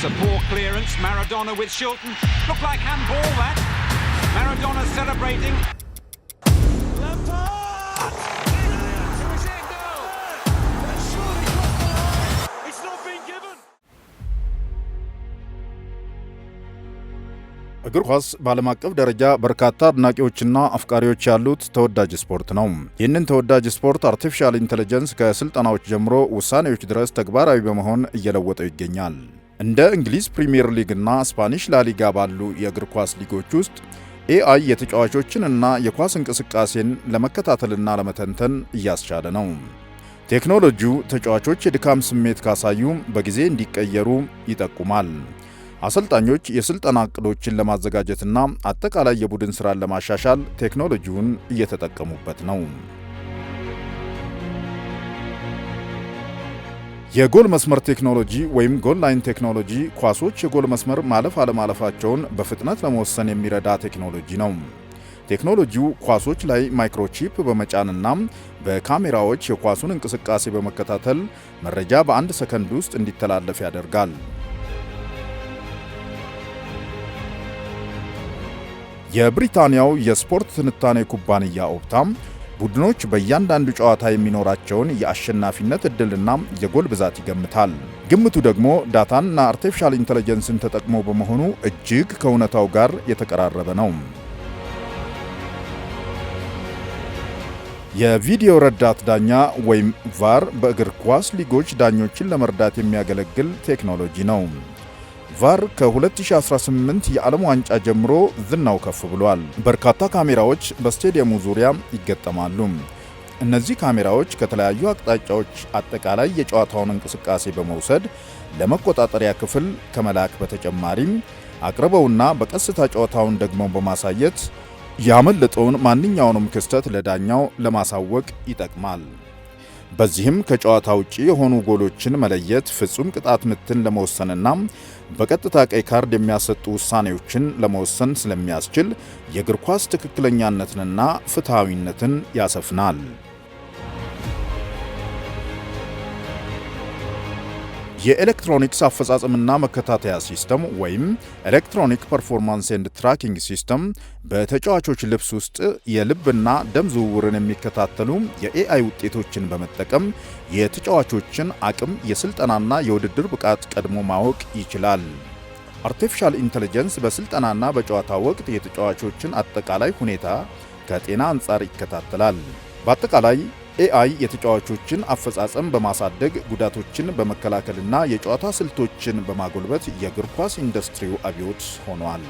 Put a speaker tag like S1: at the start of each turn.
S1: That's a poor clearance. Maradona with Shilton. Looked like handball that. Maradona celebrating.
S2: እግር ኳስ በዓለም አቀፍ ደረጃ በርካታ አድናቂዎችና አፍቃሪዎች ያሉት ተወዳጅ ስፖርት ነው። ይህንን ተወዳጅ ስፖርት አርቲፊሻል ኢንቴሊጀንስ ከስልጠናዎች ጀምሮ ውሳኔዎች ድረስ ተግባራዊ በመሆን እየለወጠው ይገኛል። እንደ እንግሊዝ ፕሪምየር ሊግ እና ስፓኒሽ ላሊጋ ባሉ የእግር ኳስ ሊጎች ውስጥ ኤአይ የተጫዋቾችን እና የኳስ እንቅስቃሴን ለመከታተልና ለመተንተን እያስቻለ ነው። ቴክኖሎጂው ተጫዋቾች የድካም ስሜት ካሳዩ በጊዜ እንዲቀየሩ ይጠቁማል። አሰልጣኞች የስልጠና እቅዶችን ለማዘጋጀትና አጠቃላይ የቡድን ስራን ለማሻሻል ቴክኖሎጂውን እየተጠቀሙበት ነው። የጎል መስመር ቴክኖሎጂ ወይም ጎል ላይን ቴክኖሎጂ ኳሶች የጎል መስመር ማለፍ አለማለፋቸውን በፍጥነት ለመወሰን የሚረዳ ቴክኖሎጂ ነው። ቴክኖሎጂው ኳሶች ላይ ማይክሮቺፕ በመጫንና በካሜራዎች የኳሱን እንቅስቃሴ በመከታተል መረጃ በአንድ ሰከንድ ውስጥ እንዲተላለፍ ያደርጋል። የብሪታንያው የስፖርት ትንታኔ ኩባንያ ኦፕታም ቡድኖች በእያንዳንዱ ጨዋታ የሚኖራቸውን የአሸናፊነት እድልና የጎል ብዛት ይገምታል። ግምቱ ደግሞ ዳታና አርቲፊሻል ኢንተለጀንስን ተጠቅሞ በመሆኑ እጅግ ከእውነታው ጋር የተቀራረበ ነው። የቪዲዮ ረዳት ዳኛ ወይም ቫር በእግር ኳስ ሊጎች ዳኞችን ለመርዳት የሚያገለግል ቴክኖሎጂ ነው። ቫር ከ2018 የዓለም ዋንጫ ጀምሮ ዝናው ከፍ ብሏል። በርካታ ካሜራዎች በስቴዲየሙ ዙሪያ ይገጠማሉ። እነዚህ ካሜራዎች ከተለያዩ አቅጣጫዎች አጠቃላይ የጨዋታውን እንቅስቃሴ በመውሰድ ለመቆጣጠሪያ ክፍል ከመላክ በተጨማሪም አቅርበውና በቀስታ ጨዋታውን ደግሞ በማሳየት ያመለጠውን ማንኛውንም ክስተት ለዳኛው ለማሳወቅ ይጠቅማል። በዚህም ከጨዋታ ውጪ የሆኑ ጎሎችን መለየት፣ ፍጹም ቅጣት ምትን ለመወሰንና በቀጥታ ቀይ ካርድ የሚያሰጡ ውሳኔዎችን ለመወሰን ስለሚያስችል የእግር ኳስ ትክክለኛነትንና ፍትሐዊነትን ያሰፍናል። የኤሌክትሮኒክስ አፈጻጸምና መከታተያ ሲስተም ወይም ኤሌክትሮኒክ ፐርፎርማንስ ኤንድ ትራኪንግ ሲስተም በተጫዋቾች ልብስ ውስጥ የልብና ደም ዝውውርን የሚከታተሉ የኤአይ ውጤቶችን በመጠቀም የተጫዋቾችን አቅም፣ የስልጠናና የውድድር ብቃት ቀድሞ ማወቅ ይችላል። አርቲፊሻል ኢንተለጀንስ በስልጠናና በጨዋታ ወቅት የተጫዋቾችን አጠቃላይ ሁኔታ ከጤና አንጻር ይከታተላል። በአጠቃላይ ኤአይ የተጫዋቾችን አፈጻጸም በማሳደግ ጉዳቶችን በመከላከልና የጨዋታ ስልቶችን በማጎልበት የእግር ኳስ ኢንዱስትሪው አብዮት ሆኗል።